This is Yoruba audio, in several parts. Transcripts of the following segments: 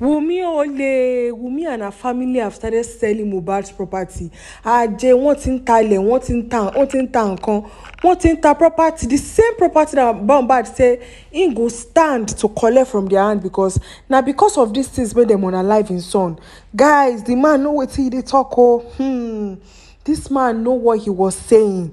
Wunmi Ole Wunmi and her family have started selling Mohbad's property. Àjẹ́ wọ́n ti ń ta ilẹ̀ wọ́n ti ń ta wọ́n ti ń ta nǹkan wọ́n ti ń ta property the same property that Mohbad say im go stand to collect from their hand because na because of these things wey dem unalive im son. Guys the man know wetin he dey talk o hmm, this man know what he was saying.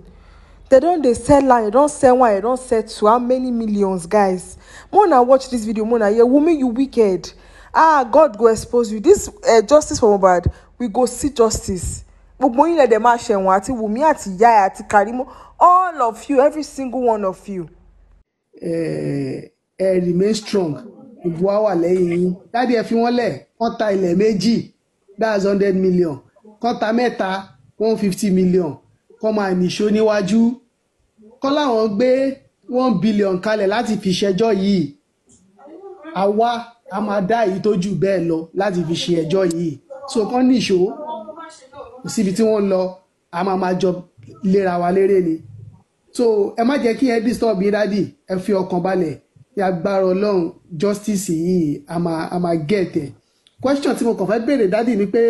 dem don dey sell land dem don sell one dem don sell two how many millions guys. More na watch this video more na hear Wunmi you wicked ah god go expose you this uh, justice for Mohbad we go see justice gbogbo yín lẹ́dẹ̀ máa ṣẹ̀wọ̀n àti Wùmí àti ìyá ẹ̀ àti Karimo all of you every single one of you. ẹ eh, ẹ eh, remain strong ìbò wa wà lẹ́yìn yín dáàdi ẹ fi wọ́n lẹ̀ kán ta ilẹ̀ méjì that's hundred million kán ta mẹ́ta one fifty million kán máa nìṣó níwájú kán láwọn gbé one billion kalẹ̀ láti fi ṣẹjọ́ yìí àwa a máa dá èyí tó jù bẹ́ẹ̀ lọ láti fi ṣe ẹjọ́ yìí so kán ní ìṣòro kò síbi tí wọ́n lọ a máa máa jọ léra wa lérè ni so ẹ má jẹ́ kí ẹ disturb yín dádì ẹ fi ọkàn balẹ̀ ní agbára ọlọ́run justice yìí a máa a máa get ẹ̀ question tí mo kàn fẹ́ béèrè dádì ni pé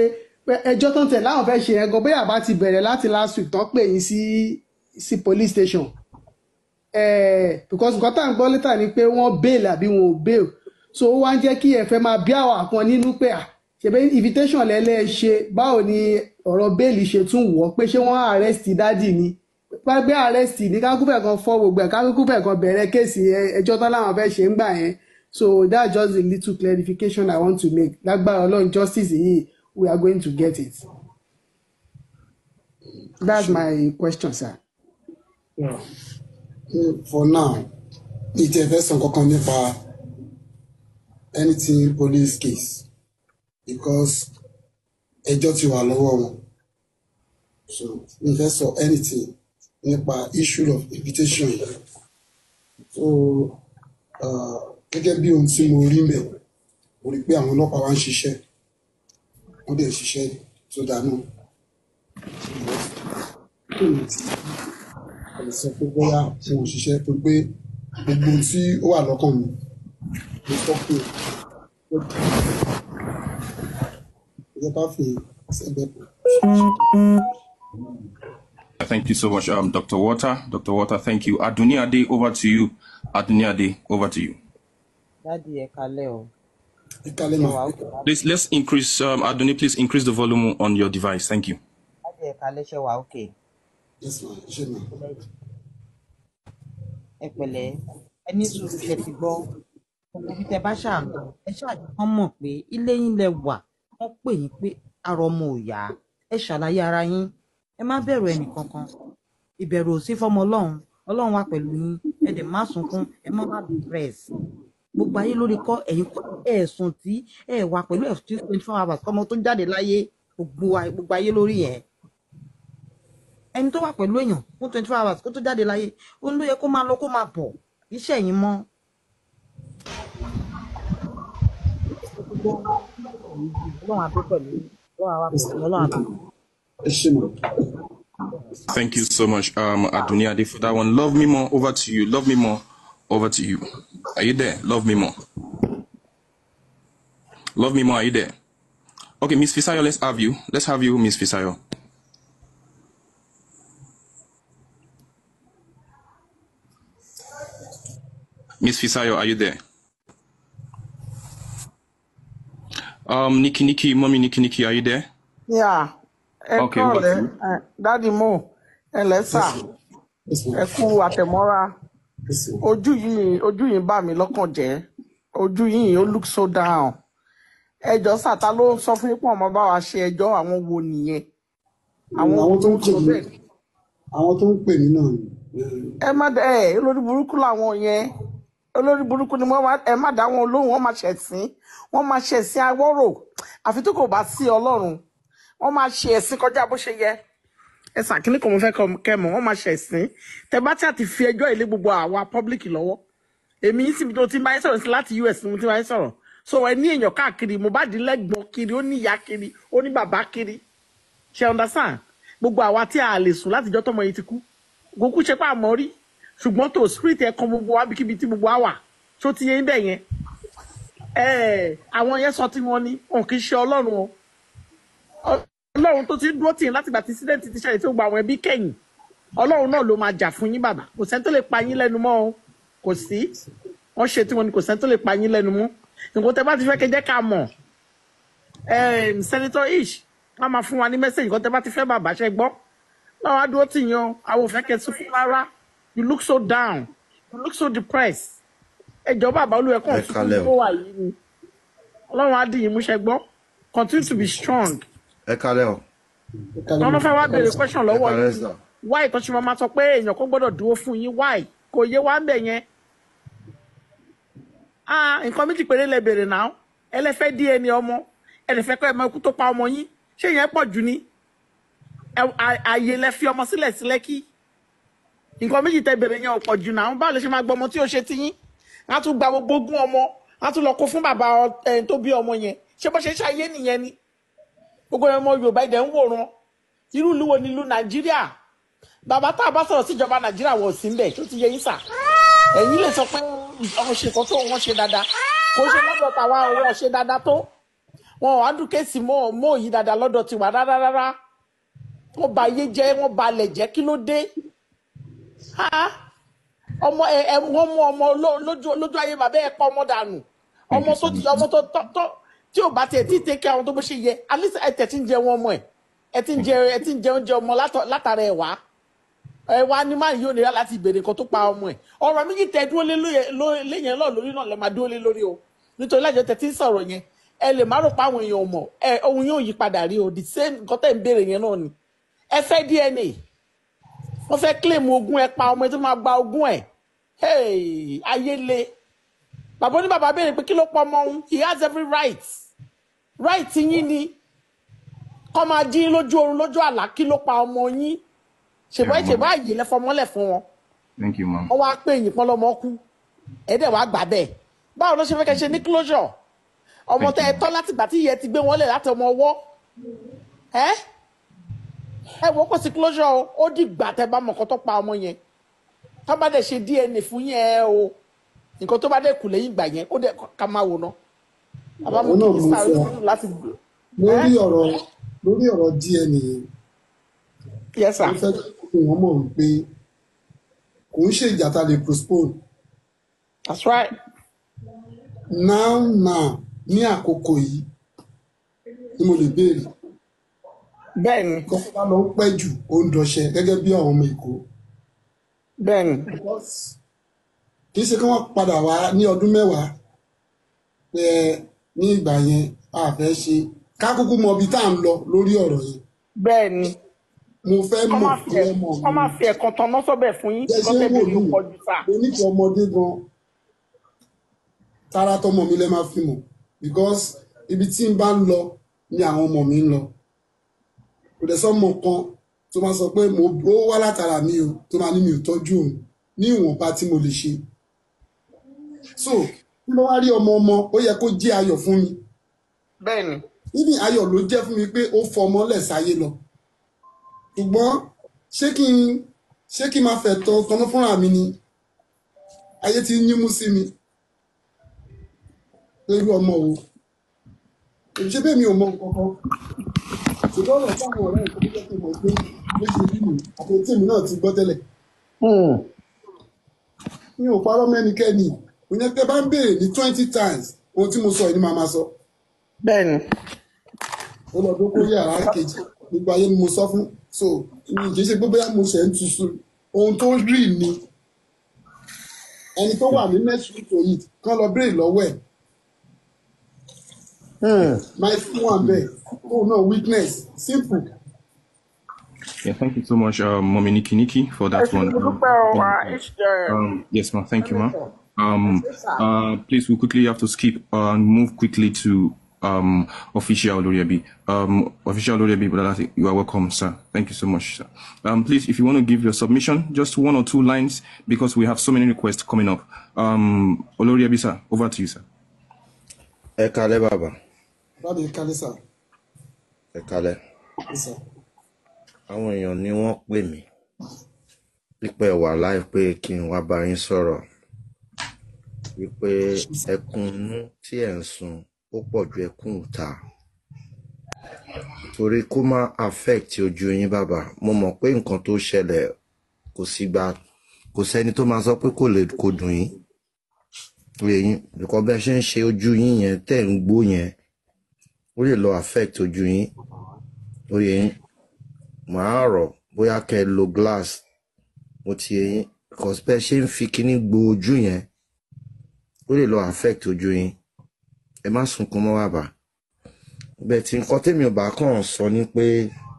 ẹjọ́ tó ń tẹ̀ láwọn fẹ́ ṣe yẹn gan bóyá àbá ti bẹ̀rẹ̀ láti last week tán pè yín sí sí police station ẹ̀ eh, because nǹkan tá à ń gbọ́ létà ni pé wọ́n bail àbí wọn ò bail so ó wá ń jẹ́ kí ẹ fẹ́ máa bí àwọn àpọn nínú pé à ṣebí invitation lẹ́lẹ́ ṣe báwo ni ọ̀rọ̀ bẹ́ẹ̀lì ṣe tún wọ̀ pé ṣé wọ́n arrest dádì ni pé arrest ní kákúfẹ̀ kan fọ́ gbogbo ẹ̀ kákúfẹ̀ kan bẹ̀rẹ̀ kéèsì ẹjọ́ tán láwọn fẹ́ ṣe ń gbà yẹn so that's just a little clarification I want to make lágbára ọlọ́run justice yìí we are going to get it that's my question sir. Yeah. for now ìtẹ̀fẹ́sàn kankan nípa anything police case because ẹjọ́ ti wà lọ́wọ́ wọn so mi fẹ́ sọ anything nípa issue of invitation yìí so uh, gẹ́gẹ́ bí ohun tí mo rí mẹ́ mo rí pé àwọn ọlọ́pàá wa ń ṣiṣẹ́ wọ́n dẹ̀ ṣiṣẹ́ tó dáná tòun ti sọ pé bóyá wọn ò ṣiṣẹ́ tó pé gbogbo ohun tí ó wà lọ́kàn mi. Thank you so much, um, Dr. Water. Dr. Water, thank you. Aduniade, over to you. Aduniade, over to you. Daddy, Please let's increase um Adoni, please increase the volume on your device. Thank you. Yes, ma'am. ibi tẹ bá ṣáà lọ ẹ ṣáà kàn mọ̀ pé ilé yín lẹ wà wọ́n pè yín pé ara ọmọ ò yá ẹ ṣàlàyé ara yín ẹ má bẹ̀rù ẹnì kankan ìbẹ̀rù ò sí fọmọ ọlọ́run ọlọ́run wà pẹ̀lú yín ẹ dẹ̀ má sunkún ẹ má bá stress gbogbo ayé lórí kọ́ ẹ̀yin ẹ̀sùn tí ẹ wà pẹ̀lú ẹ̀sùn tí twenty four hours kọ́mọ tó jáde láyé gbogbo ayé lórí yẹn ẹni tó wà pẹ̀lú èèyàn fún twenty four hours kó tó jáde láyé ó ń lóye kó máa lọ kó máa bọ̀ iṣẹ́ yín mọ́ Thank you so much, um, Aduniadi, for that one. Love me more. Over to you. Love me more. Over to you. Are you there? Love me more. Love me more. Are you there? Okay, Miss Fisayo, let's have you. Let's have you, Miss Fisayo. Miss Fisayo, are you there? Um, Nikki, Nikki, mommy, Nikki, Nikki, are you there? Yeah. Okay, okay, kọ́lẹ̀ dádì mò ẹ lẹ́sà ẹ kú àtẹ̀mọ́ra ojú yìí ojú yìí bà mí lọ́kàn jẹ́ ojú yìí you look so down ẹjọ́ sàtá ló sọ fún yín pọ̀ ọmọ bá wa ṣe ẹjọ́ àwọn wo nìyẹn àwọn tó ń pè mí to tó ń pè mí náà. ẹ má ẹ lórí burúkú làwọn yẹn olórí burúkú ni wọ́n ẹ má dá wọn lóhùn wọ́n máa ṣẹ̀sìn wọ́n máa ṣẹ̀sìn awọ́rò àfi tó kò bá sí ọlọ́run wọ́n máa ṣe ẹ̀sìn kọjá bó ṣe yẹ ẹ sàkíní kò mọ fẹ́ kẹmọ wọ́n máa ṣẹ̀sìn tẹ bá tí a fi ẹjọ́ ilé gbogbo àwa public lọ́wọ́ èmi yìí síbi tó ti máa ń sọ̀rọ̀ sí láti US ni mo ti máa ń sọ̀rọ̀ so ẹ ní èèyàn káàkiri Mohbad lẹ́gbọ̀n kiri ó ní ìyá kiri ó ní bàbá kiri ṣe understand gbogbo àwa tí a lè sùn látijọ́ tọmọ yìí ti kú kókú ṣe pàmò rí ṣùgbọ́n tó spirit ẹ̀ kan gbogbo wa bíkíbi tí gbogbo wa wà tó ti yé bẹ̀ yẹn àwọn yẹn sọ tí wọ́n ní wọn kì í ṣe ọlọ́run o ọlọ́run tó ti dúró tì yín láti gbà tí incident ti ṣẹlẹ̀ tí ó gba àwọn ẹbí kẹ́yìn ọlọ́run náà ló máa jà fún yín bàbá kò sẹ́ni lè pa yín lẹ́nu mọ́ o kò sí wọ́n ṣe tí wọ́n ní kò sẹ́ni lè pa yín lẹ́nu mọ́ nǹkan tẹ́ bá ti fẹ́ kẹ́ jẹ́ ká mọ̀ senator ish wọ́n máa fún wa ní mẹ́sẹ̀gì nǹkan tẹ́ bá ti fẹ́ bàbá ṣe gbọ́ náà wá dúró tì yín o àwọn òfin kẹ́sùn fún rárá you look so down you look so depressed ẹjọ bàbá olúwẹ kàn tún tó wà yìí ni ọlọ́run á dì yín continue to be strong. ẹ kalẹ o. lọ́nà fẹ́ wá béèrè question lọ́wọ́ yìí why tó ṣe máa máa sọ pé èèyàn kan gbọ́dọ̀ dúró fún yín why kò yé wá ń bẹ̀ yẹn. nǹkan méjì péré lè béèrè náà ẹlẹ́fẹ́ dí ẹni ọmọ ẹlẹ́fẹ́ kọ́ ẹ mọ ikú tó pa ọmọ yín ṣé ìyẹn pọ̀ jù ni ààyè lẹ fi ọmọ sílẹ̀ sílẹ̀ kí nǹkan méjì tẹ bẹ̀rẹ̀ yẹn ọ̀pọ̀ jù náà àwọn báwo lè ṣe máa gbọ́ ọmọ tí ó ṣe ti yín á tún gba gbogbo ogún ọmọ á tún lọ kó fún bàbá ẹni tó bí ọmọ yẹn ṣé bó ṣe ń ṣayé nìyẹn ni gbogbo ọmọ Yorùbá ìdẹ̀ ń wòran irú ìlú wo ni ìlú Nàìjíríà bàbá tá a bá sọ̀rọ̀ síjọba Nàìjíríà wọ̀ sí mbẹ̀ tó ti yẹ yín sà ẹ̀yin lè sọ pé ọ̀hún ṣe kan tó wọ́n ṣe dáadáa kò ṣe lọ́dọ̀ tàwa ọ̀hún ṣe dáadáa tó wọn ò adùnkẹ́sì mọ́ mọ́ òyìn dáadáa lọ́dọ̀ tiwa rárá rárá wọ́n ba ayé jẹ́ wọ́n ba alẹ̀ jẹ́ kí ló dé ọmọ ẹ ẹ wọ́n mú ọmọ lójú lójú ayé bàbá ẹ pọ̀ ọmọ dànù ọmọ tó ti ọmọ tó tọ́ tí ò bá tiẹ̀ tí tẹ kí àwọn tó bó ṣe yẹ alisa ẹ tẹ̀ tí ń jẹ wọn ọmọ ẹ ẹ ti ń jẹ ẹ ti ń jẹ oúnjẹ ọmọ látara ẹ wá ẹ wá ní máa yóò nira láti ìbéèrè nǹkan tó pa ọmọ ẹ ọ̀rọ̀ méjì tẹ dúró lé lẹ́yìn náà lórí náà lẹ máa dúró lé lórí o nítorí lájọ tẹ ti ń sọ̀rọ̀ yẹn ẹ lè má rò pé àwọn èèyàn ò mọ̀ ẹ ohun yóò yí padà rí o the same nǹkan tẹ ń béèrè yẹn náà ni ẹ fẹ́ DNA wọ́n fẹ́ kílèmù ogún ẹ pa ọmọ ẹ tó máa gba ogún ẹ ayé le bàbá ní bàbá béèrè pé kí ló pọ̀ ọmọ òun he has every right right yín ni kọ́ máa jí lójú oorun lójú àlá kí ló pa ọmọ yín ṣèbáyé ṣèbáyé lẹ́fọmọ́lẹ̀ fún wọn thank you ma'am wá pé èyí pọ́n lọ́mọ kú ẹ̀ẹ́dẹ̀ wàá gbà bẹ́ẹ̀ báwo ló ṣe fẹ́ ṣe ní closure ọmọ tẹ́ ẹ tọ́ láti gbà tí ìyẹn ti gbé wọn lẹ̀ láti ọmọ ọwọ́ ẹ́. Eh? ẹ wọ́n kò sí closure o ó dìgbà tẹ bá mọ̀ nǹkan tó pa ọmọ yẹn tó bá dẹ̀ ṣe DNA fún yẹn o nǹkan tó bá dẹ̀ kù lẹ́yìn ìgbà yẹn ó dẹ̀ ká máa wò ná. àbámu kì í sáré láti. lórí ọ̀rọ̀ lórí ọ̀rọ̀ DNA yẹn. yes sir. mo fẹ́ kí wọ́n mọ̀ pé kò ń ṣe ìjà lè postpone. that's right. now now ní àkókò yìí ni mo lè béèrè bẹ́ẹ̀ni. kókó bá lọ ń pẹ́ jù ó ń dọṣẹ gẹ́gẹ́ bí àwọn ọmọ èkó. bẹ́ẹ̀ni. kì í ṣe kí wọ́n padà wá ní ọdún mẹ́wàá pé ní ìgbà yẹn a fẹ́ ṣe ká kúkú mọ ibi tá à ń lọ lórí ọ̀rọ̀ yẹn. bẹ́ẹ̀ni. mo fẹ́ mọ̀ fún ọmọ mi. kọ́ máa fi ẹ̀kan tan náà sọ́bẹ̀ fún yín lọ́tẹ̀ bí mo pọ̀ jù sá. mo ní kí ọmọdé gan tara tọmọ mi lẹ́ máa fi mọ̀ because ibi tí n bá ń lọ ni àwọn ọmọ mi ń lọ dẹ̀ sọ́mọ kan tó máa sọ pé mo ó wá látara mi o tó máa ní mi ò tọ́jú òun ní ìwọ̀nba tí mo lè ṣe so bí mo wá rí ọmọ ọmọ ó yẹ kó jẹ́ ayọ̀ fún mi. bẹ́ẹ̀ni. níbi ayọ̀ ló jẹ́ fún mi pé ó fọmọ lẹ̀ sáyé lọ ṣùgbọ́n ṣé kí n ṣé kí n máa fẹ̀tọ́ tọ́nú fúnra mi ni ayé ti ń yínmú sí mi lórí ọmọ wo ṣé bẹ́ẹ̀ mi ò mọ nǹkan kan ṣùgbọ́n ọ̀rọ̀ táwọn ọ̀rẹ́ ìkọ́ tó jẹ́ pé mo gbé ló ṣe nínú àti tíìmù náà ti gbọ́ tẹ́lẹ̀. Hmm. mi ò parọ́ mẹ́nikẹ́ni ìyẹn tẹ́ bá ń béèrè ní twenty times ohun tí mo sọ yìí ni màá máa sọ. bẹ́ẹ̀ni. ó lọ dókó yàrá kejì gbogbo ayé ni mo sọ fún so mi kì í ṣe pé bóyá mo ṣe ń tuṣu ohun tó rí ni ẹni tó wà ní next week to it kán lọ béèrè lọ́wọ́ ẹ̀ Hmm. Oh no, weakness. Simple. Yeah, thank you so much, uh, Mommy Nikki Nikki, for that one. Um, ah, um, yes, ma'am. Thank you, ma'am. Um, uh, please, we quickly have to skip and move quickly to um, official Loriabi. Um, official Loriabi, you are welcome, sir. Thank you so much, sir. Um, please, if you want to give your submission, just one or two lines, because we have so many requests coming up. Um, B, sir, over to you, sir. Ekalé bàbá. láti kálẹ̀ sà. ẹ kálẹ̀ àwọn èèyàn ni wọ́n pè mí pípẹ́ wà láìpẹ́ kí n wá bá yín sọ̀rọ̀ wípé ẹkúnnú tí ẹ̀ ń sun ó pọ̀ ju ẹkún ìta torí kó má affect ojú yín bàbá mo mọ̀ pé nǹkan tó ṣẹlẹ̀ kò sígbà kò sẹ́ni tó máa sọ pé kò lè kò dùn yín lẹ́yìn nǹkan bẹ́ẹ̀ ṣe ń ṣe ojú yín yẹn tẹ̀ ń gbó yẹn ó lè lọ affect ojú yín ó yẹ yín màá rọ̀ bóyá kẹ́ lo glass mo ti yẹ yín because bẹ́ẹ̀ ṣe ń fi kíní gbo ojú yẹn ó lè lọ affect ojú yín ẹ má sunkún mọ́ bàbá bẹ́ẹ̀ tí nǹkan tèmi ò bá kàn sọ ni pé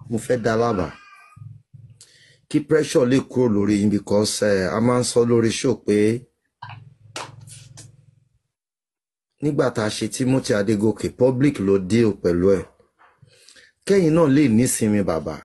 mo fẹ́ dá lábàá kí pressure lè kúrò lórí yín because ẹ eh, a máa ń sọ lórí show pé nígbà tá a ṣe Timothy Adégòkè public ló deal pẹ̀lú ẹ̀ kẹ́yìn náà lè nísinmi bàbá